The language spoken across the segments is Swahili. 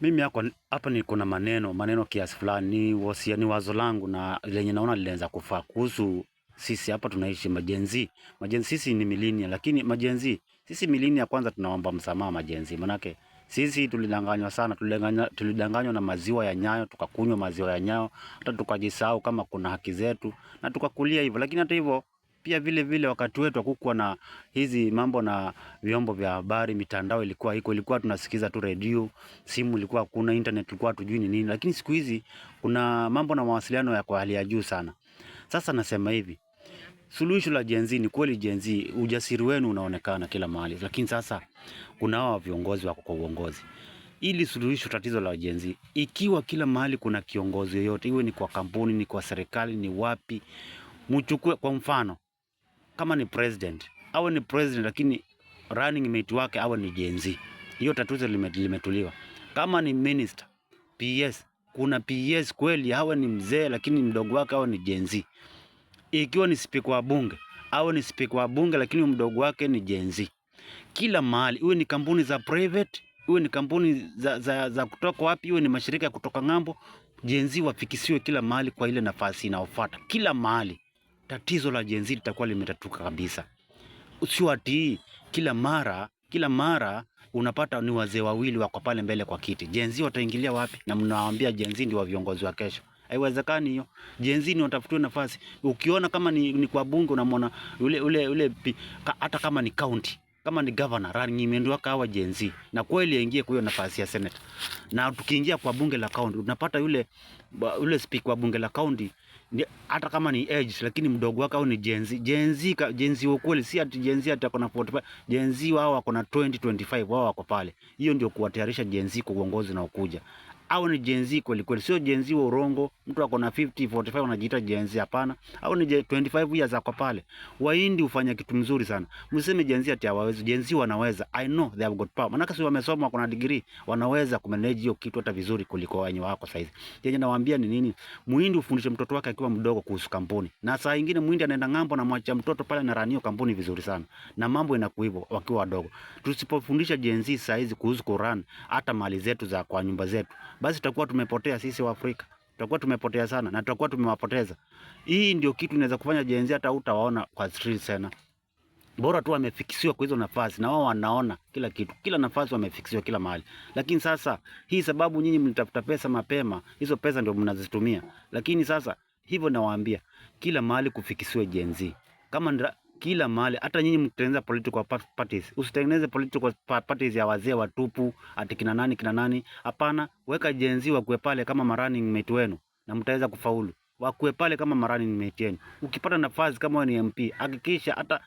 Mimi hapa niko na maneno maneno kiasi fulani, wasia ni wazo langu na lenye naona linaweza kufaa kuhusu sisi hapa tunaishi majenzi. Majenzi sisi ni milinia lakini majenzi sisi milinia kwanza tunaomba msamaha majenzi, manake sisi tulidanganywa sana, tulidanganywa, tulidanganywa na maziwa ya nyayo, tukakunywa maziwa ya nyayo, hata tukajisahau kama kuna haki zetu na tukakulia hivyo, lakini hata hivyo pia vile vile wakati wetu hakukuwa na hizi mambo na vyombo vya habari, mitandao ilikuwa iko, ilikuwa tunasikiza tu redio, simu ilikuwa kuna internet ilikuwa tujui ni nini, lakini siku hizi kuna mambo na mawasiliano ya kwa hali ya juu sana. Sasa nasema hivi, suluhisho la Gen Z ni kweli, Gen Z ujasiri wenu unaonekana kila mahali, lakini sasa kuna hawa viongozi wako kwa uongozi ili suluhisho tatizo la Gen Z. Ikiwa kila mahali kuna kiongozi yoyote, iwe ni kwa kampuni, ni kwa serikali, ni wapi, mchukue kwa mfano kama ni president awe ni president, lakini running mate wake awe ni Gen Z. Hiyo tatuzo limetuliwa. Kama ni minister PS, kuna PS kweli awe ni mzee, lakini mdogo wake awe ni Gen Z. Ikiwa ni spika wa bunge awe ni spika wa bunge, lakini mdogo wake ni Gen Z. Kila mahali, iwe ni kampuni za private, iwe ni kampuni za, za, za kutoka wapi, iwe ni mashirika ya kutoka ng'ambo, Gen Z wafikisiwe kila mahali kwa ile nafasi inaofuata, kila mahali tatizo la jenzi litakuwa limetatuka kabisa. Sio ati kila mara kila mara unapata ni wazee wawili wako pale mbele kwa kiti. Jenzi wataingilia wapi? Na mnawaambia jenzi ndio wa viongozi wa kesho. Haiwezekani hiyo. Jenzi ni watafutiwe nafasi. Ukiona kama ni, ni kwa bunge unamwona ule ule ule hata kama ni county, kama ni governor, rani imeendwa kawa jenzi Na kweli aingie kwa hiyo nafasi ya senator. Na tukiingia kwa bunge la county unapata yule yule speaker wa bunge la county hata kama ni age lakini mdogo wake au ni Gen Z. Gen Z Gen Z si ati Gen Z atakuwa na 45. Gen Z wao wako na 20 25, wao wako pale. Hiyo ndio kuwatayarisha Gen Z kwa uongozi na ukuja au ni Gen Z kweli kweli, sio Gen Z wa urongo. Mtu ako na 50 45 anajiita Gen Z, hapana. Au ni 25 years akwa pale. Wahindi hufanya kitu mzuri sana, mseme Gen Z ati hawawezi. Gen Z wanaweza, I know they have got power, maana kasi wamesoma, wako na degree, wanaweza ku manage hiyo kitu hata vizuri kuliko wenye wako saizi. Yenye nawaambia ni nini, muhindi ufundishe mtoto wake akiwa mdogo kuhusu kampuni, na saa nyingine muhindi anaenda ngambo na mwacha mtoto pale na ranio kampuni vizuri sana, na mambo inakuwa hivyo wakiwa wadogo. Tusipofundisha Gen Z saizi kuhusu Quran, hata mali zetu za kwa nyumba zetu basi tutakuwa tumepotea sisi wa Afrika, tutakuwa tumepotea sana na tutakuwa tumewapoteza. Hii ndio kitu inaweza kufanya jenzi, hata utawaona kwa street sana, bora tu wamefikisiwa kwa hizo nafasi na wao wanaona kila kitu, kila nafasi wamefikisiwa kila mahali. Lakini sasa hii sababu nyinyi mlitafuta pesa mapema, hizo pesa ndio mnazitumia. Lakini sasa hivyo nawaambia, kila mahali kufikisiwe jenzi kama kila mahali. Hata nyinyi mtengeneza political parties, usitengeneze political parties ya wazee watupu, ati kina nani kina nani. Hapana, weka jenzi wakuwe pale kama marunning mate wenu na mtaweza kufaulu. Wakuwe pale kama marunning mate yenu. Ukipata nafasi kama wewe ni MP, hakikisha hata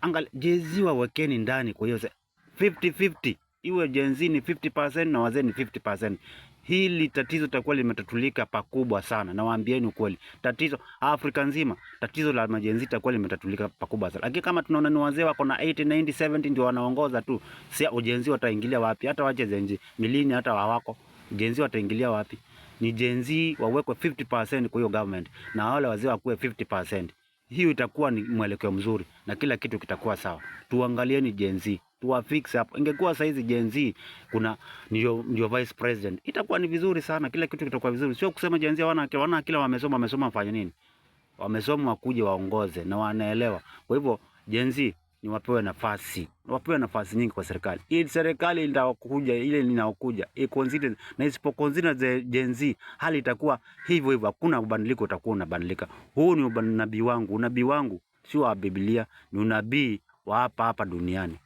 angalia jenzi wawekeni ndani. Kwa hiyo 50 50 iwe jenzi ni 50% na wazee ni 50% hili tatizo litakuwa limetatulika pakubwa sana, na waambieni ukweli, tatizo Afrika nzima, tatizo la majenzi litakuwa limetatulika pakubwa sana. Lakini kama tunaona ni wazee wako na 80 90 70 ndio wanaongoza tu, si ujenzi wataingilia wapi? Hata wachezenji milini hata wawako jenzi, wataingilia wapi? Ni jenzi wawekwe 50% kwa hiyo government na wale wazee wakuwe 50% hiyo itakuwa ni mwelekeo mzuri na kila kitu kitakuwa sawa. Tuangalieni Gen Z, fix hapo. Ingekuwa saa hizi Gen Z kuna ndio, ndio vice president, itakuwa ni vizuri sana, kila kitu kitakuwa vizuri. Sio kusema Gen Z wana wana kila wamesoma wamesoma, wafanye nini? Wamesoma wakuje waongoze na wanaelewa. Kwa hivyo Gen Z ni wapewe nafasi, wapewe nafasi nyingi kwa serikali, ili serikali itakuja ile inaokuja iconsider na isipo consider Gen Z, hali itakuwa hivyo hivyo, hakuna ubadiliko utakuwa unabadilika. Huu ni unabii wangu, unabii wangu sio wa Biblia, ni unabii wa hapa hapa duniani.